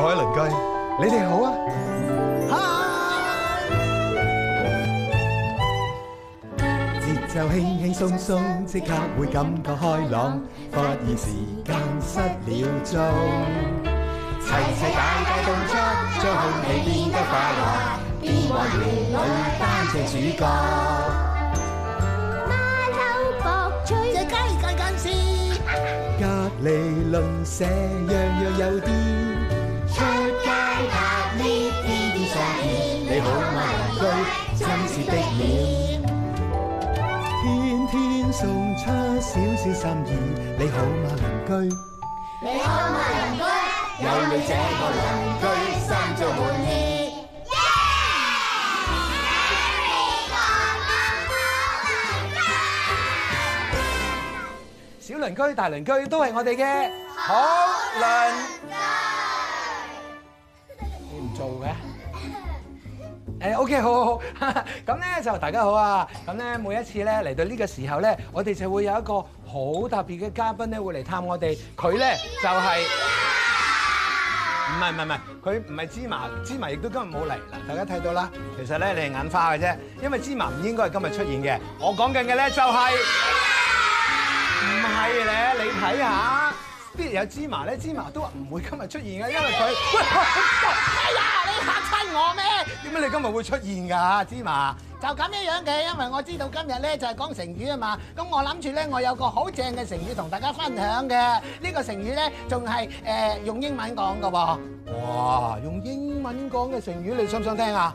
各位鄰居，你哋好啊！節 Hello 奏輕輕松鬆，即刻會感覺開朗，發現時間失了蹤。齊齊大大動作，將空氣變得快樂，變為元老班嘅主角。馬騮博取，這雞揀揀線，隔籬鄰舍，樣樣樣有啲。天天送出小小心意。你好嗎，鄰居？你好嗎，鄰居？你鄰居有你這個鄰居，心中滿意。耶、yeah! Yeah!！好鄰、yeah! 小鄰居、大鄰居都係我哋嘅好鄰居。 你唔做嘅？誒 OK，好，好，好，咁咧就大家好啊！咁咧每一次咧嚟到呢個時候咧，我哋就會有一個好特別嘅嘉賓咧會嚟探我哋，佢咧就係唔係唔係唔係，佢唔係芝麻，芝麻亦都今日冇嚟。嗱，大家睇到啦，其實咧你係眼花嘅啫，因為芝麻唔應該係今日出現嘅。我講緊嘅咧就係唔係咧，你睇下。啲有芝麻咧，芝麻都唔會今日出現嘅，因為佢，喂，哎呀，你嚇親我咩？點解你今日會出現㗎？芝麻就咁樣樣嘅，因為我知道今日咧就係、是、講成語啊嘛。咁我諗住咧，我有個好正嘅成語同大家分享嘅。呢、這個成語咧仲係誒用英文講嘅喎。哇，用英文講嘅成語，你想唔想聽啊？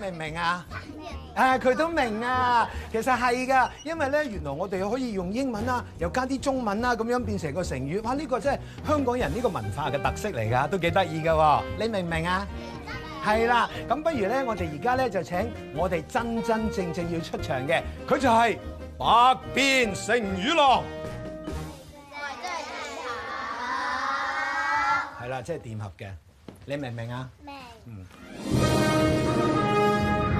明唔明啊？係佢都明啊！其實係噶，因為咧，原來我哋可以用英文啦，又加啲中文啦，咁樣變成個成語。哇！呢個真係香港人呢個文化嘅特色嚟噶，都幾得意噶。你明唔明啊？明。係啦，咁不如咧，我哋而家咧就請我哋真真正正要出場嘅，佢就係百變成語郎。係真係太好。係啦，即係電合嘅，你明唔明啊？明。嗯。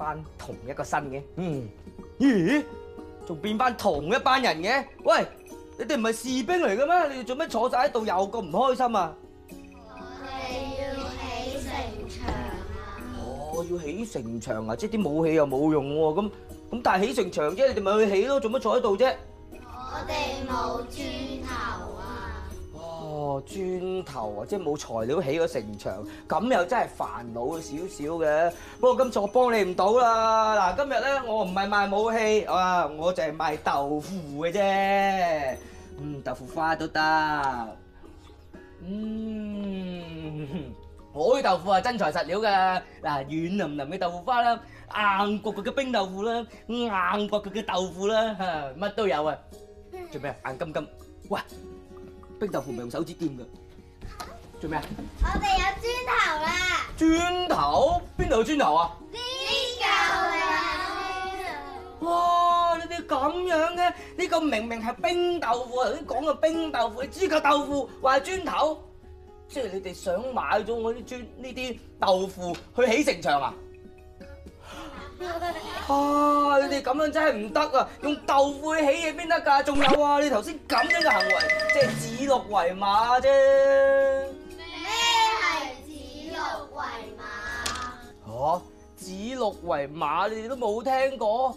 翻同一個新嘅，嗯，咦，仲變翻同一班人嘅？喂，你哋唔係士兵嚟嘅咩？你哋做咩坐曬喺度又咁唔開心啊？我哋要起城牆啊！哦，要起城牆啊！即係啲武器又冇用喎，咁咁但係起城牆啫，你哋咪去起咯，做乜坐喺度啫？我哋冇磚。磚頭啊，即係冇材料起嗰城牆，咁又真係煩惱少少嘅。不過今次我幫你唔到啦。嗱，今日咧我唔係賣武器啊，我就係賣豆腐嘅啫。嗯，豆腐花都得。嗯，海豆腐係真材實料噶。嗱，軟腍腍嘅豆腐花啦，硬掘掘嘅冰豆腐啦，硬掘掘嘅豆腐啦，吓乜都有啊。做咩啊？眼金金，喂！冰豆腐咪用手指掂嘅，做咩啊？我哋有磚頭啦！磚頭邊度有磚頭啊？豬腳嚟哇！你哋咁樣嘅，呢、呢個明明係冰豆腐啊！頭先講嘅冰豆腐，豬腳豆腐，話係磚頭，即、就、係、係、你哋想買咗我啲磚呢啲豆腐去起城牆啊？啊！你哋咁樣真係唔得啊！用豆腐起嘢邊得噶？仲有啊！你頭先咁樣嘅行為，即係指鹿為馬啫。咩係指鹿為馬？哦，指鹿為馬你哋都冇聽過？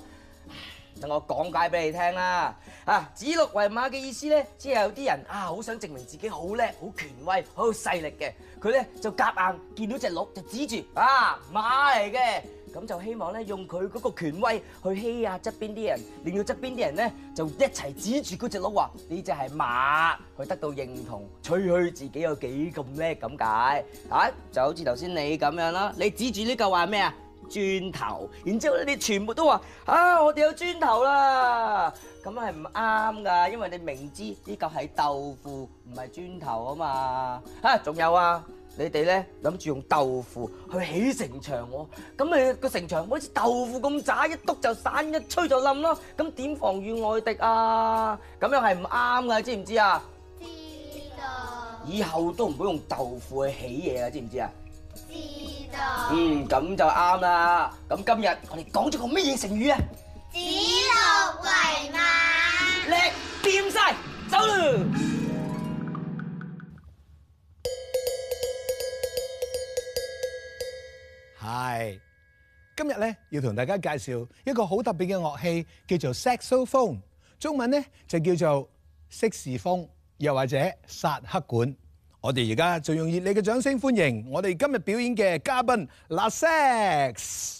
等我講解俾你聽啦。啊，指鹿為馬嘅意思咧，即係有啲人啊，好想證明自己好叻、好權威、好勢力嘅，佢咧就夾硬見到隻鹿就指住啊，馬嚟嘅。咁就希望咧，用佢嗰個權威去欺壓側邊啲人，令到側邊啲人呢，就一齊指住嗰隻鹿話：呢隻係馬，佢得到認同，吹噓自己有幾咁叻咁解。嚇，就好似頭先你咁樣啦，你指住呢嚿話咩啊？磚頭，然之後你全部都話：啊，我哋有磚頭啦！咁係唔啱㗎，因為你明知呢嚿係豆腐，唔係磚頭啊嘛。啊，仲有啊！你哋咧諗住用豆腐去起城牆喎，咁你個城牆好似豆腐咁渣，一督就散，一吹就冧咯，咁點防御外敵啊？咁樣係唔啱嘅，知唔知啊？知道。以後都唔好用豆腐去起嘢啊，知唔知啊？知道。嗯，咁就啱啦。咁今日我哋講咗個乜嘢成語啊？指鹿為馬。叻掂晒，走啦！係，今日咧要同大家介紹一個好特別嘅樂器，叫做 saxophone，中文咧就叫做色士風，又或者薩克管。我哋而家就用熱烈嘅掌聲歡迎我哋今日表演嘅嘉賓，La Sax。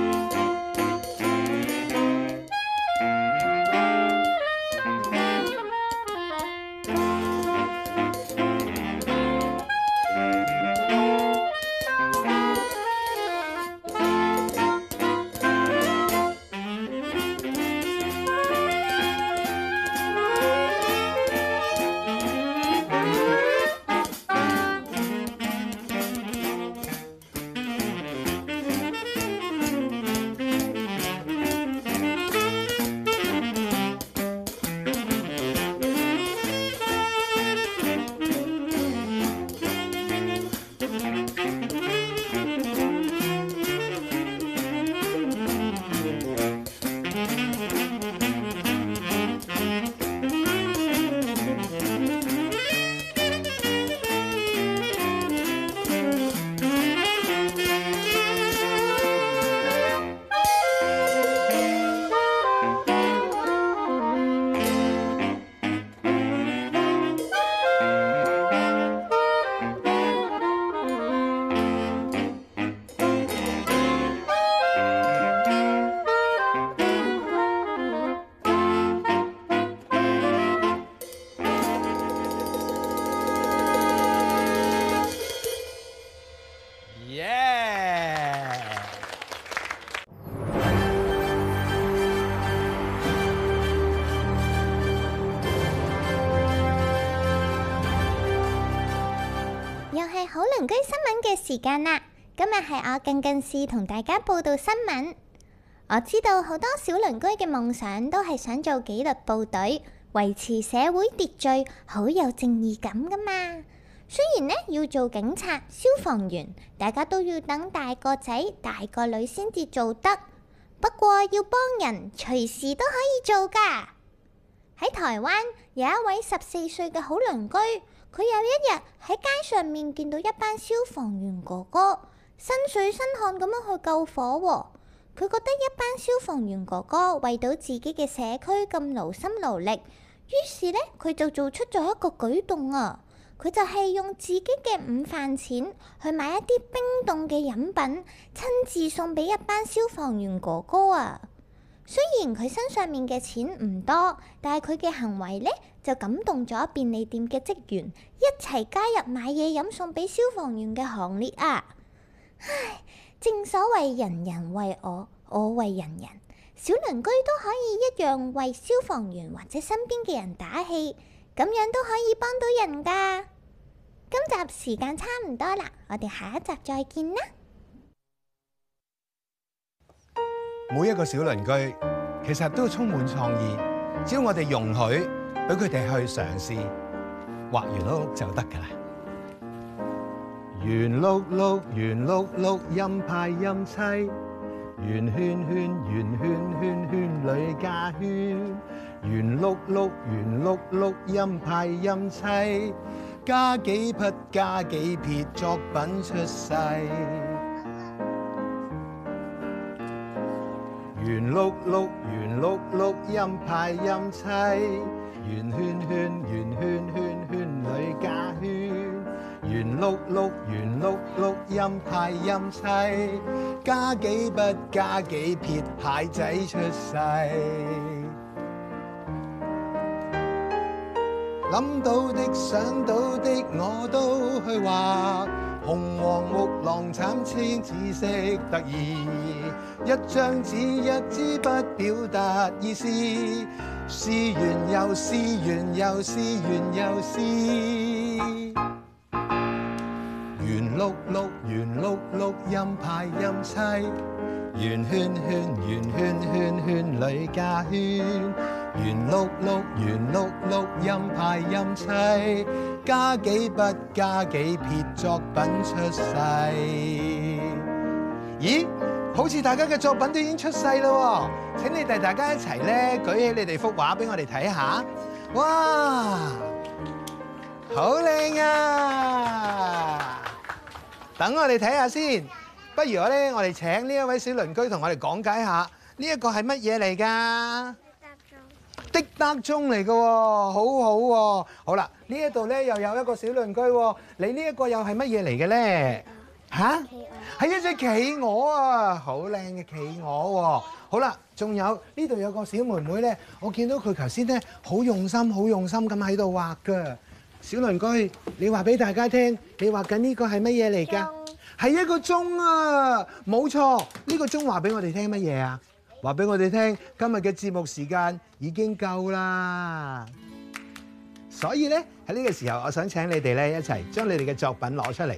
鄰居新聞嘅時間啦，今日係我近近似同大家報道新聞。我知道好多小鄰居嘅夢想都係想做紀律部隊，維持社會秩序，好有正義感㗎嘛。雖然呢要做警察、消防員，大家都要等大個仔、大個女先至做得。不過要幫人，隨時都可以做㗎。喺台灣有一位十四歲嘅好鄰居。佢有一日喺街上面見到一班消防員哥哥，身水身汗咁樣去救火喎，佢覺得一班消防員哥哥為到自己嘅社區咁勞心勞力，於是呢，佢就做出咗一個舉動啊！佢就係用自己嘅午飯錢去買一啲冰凍嘅飲品，親自送俾一班消防員哥哥啊！雖然佢身上面嘅錢唔多，但係佢嘅行為呢，就感動咗便利店嘅職員，一齊加入買嘢飲送俾消防員嘅行列啊！唉，正所謂人人為我，我為人人，小鄰居都可以一樣為消防員或者身邊嘅人打氣，咁樣都可以幫到人噶。今集時間差唔多啦，我哋下一集再見啦。每一個小鄰居，其實都充滿創意。只要我哋容許，俾佢哋去嘗試，畫圓碌碌就得㗎喇。圓碌碌，圓碌碌，陰派陰妻；圓圈圈，圓圈圈圈，圈裏加圈。圓碌碌，圓碌碌，陰派陰妻；加幾筆，加幾撇，作品出世。圓碌碌，圓碌碌，音派音砌，圓圈圈，圓圈圈，圈女加圈，圓碌碌，圓碌碌，音派音砌，加幾筆，加幾撇，蟹仔出世。諗到的，想到的，我都去畫，紅黃綠浪慘青，紫色得意。一張紙，一支筆，表達意思。試完又，試完又，試完又，試。圓碌碌，圓碌碌音派音砌，圓圈圈，圓圈圈，圈裏加圈，圓碌碌，圓碌碌音派音砌，加幾筆加，加幾撇，撇作品出世。咦？好似大家嘅作品都已經出世咯，請你哋大家一齊咧舉起你哋幅畫俾我哋睇下，哇，好靚啊！等我哋睇下先，不如我咧，我哋請呢一位小鄰居同我哋講解下，呢一個係乜嘢嚟㗎？滴答鐘。滴答鐘嚟㗎喎，好好喎。好啦，呢一度咧又有一個小鄰居，你呢一個又係乜嘢嚟嘅咧？嚇，係一隻企鵝啊，好靚嘅企鵝喎，啊。好啦，仲有呢度有個小妹妹咧，我見到佢頭先咧好用心、好用心咁喺度畫噶。小鄰居，你話俾大家聽，你畫緊呢個係乜嘢嚟㗎？係一個鐘啊，冇錯，呢、呢個鐘話俾我哋聽乜嘢啊？話俾我哋聽，今日嘅節目時間已經夠啦。所以咧喺呢個時候，我想請你哋咧一齊將你哋嘅作品攞出嚟。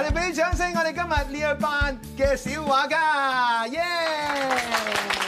我哋俾啲掌聲，我哋今日呢一班嘅小畫家，耶！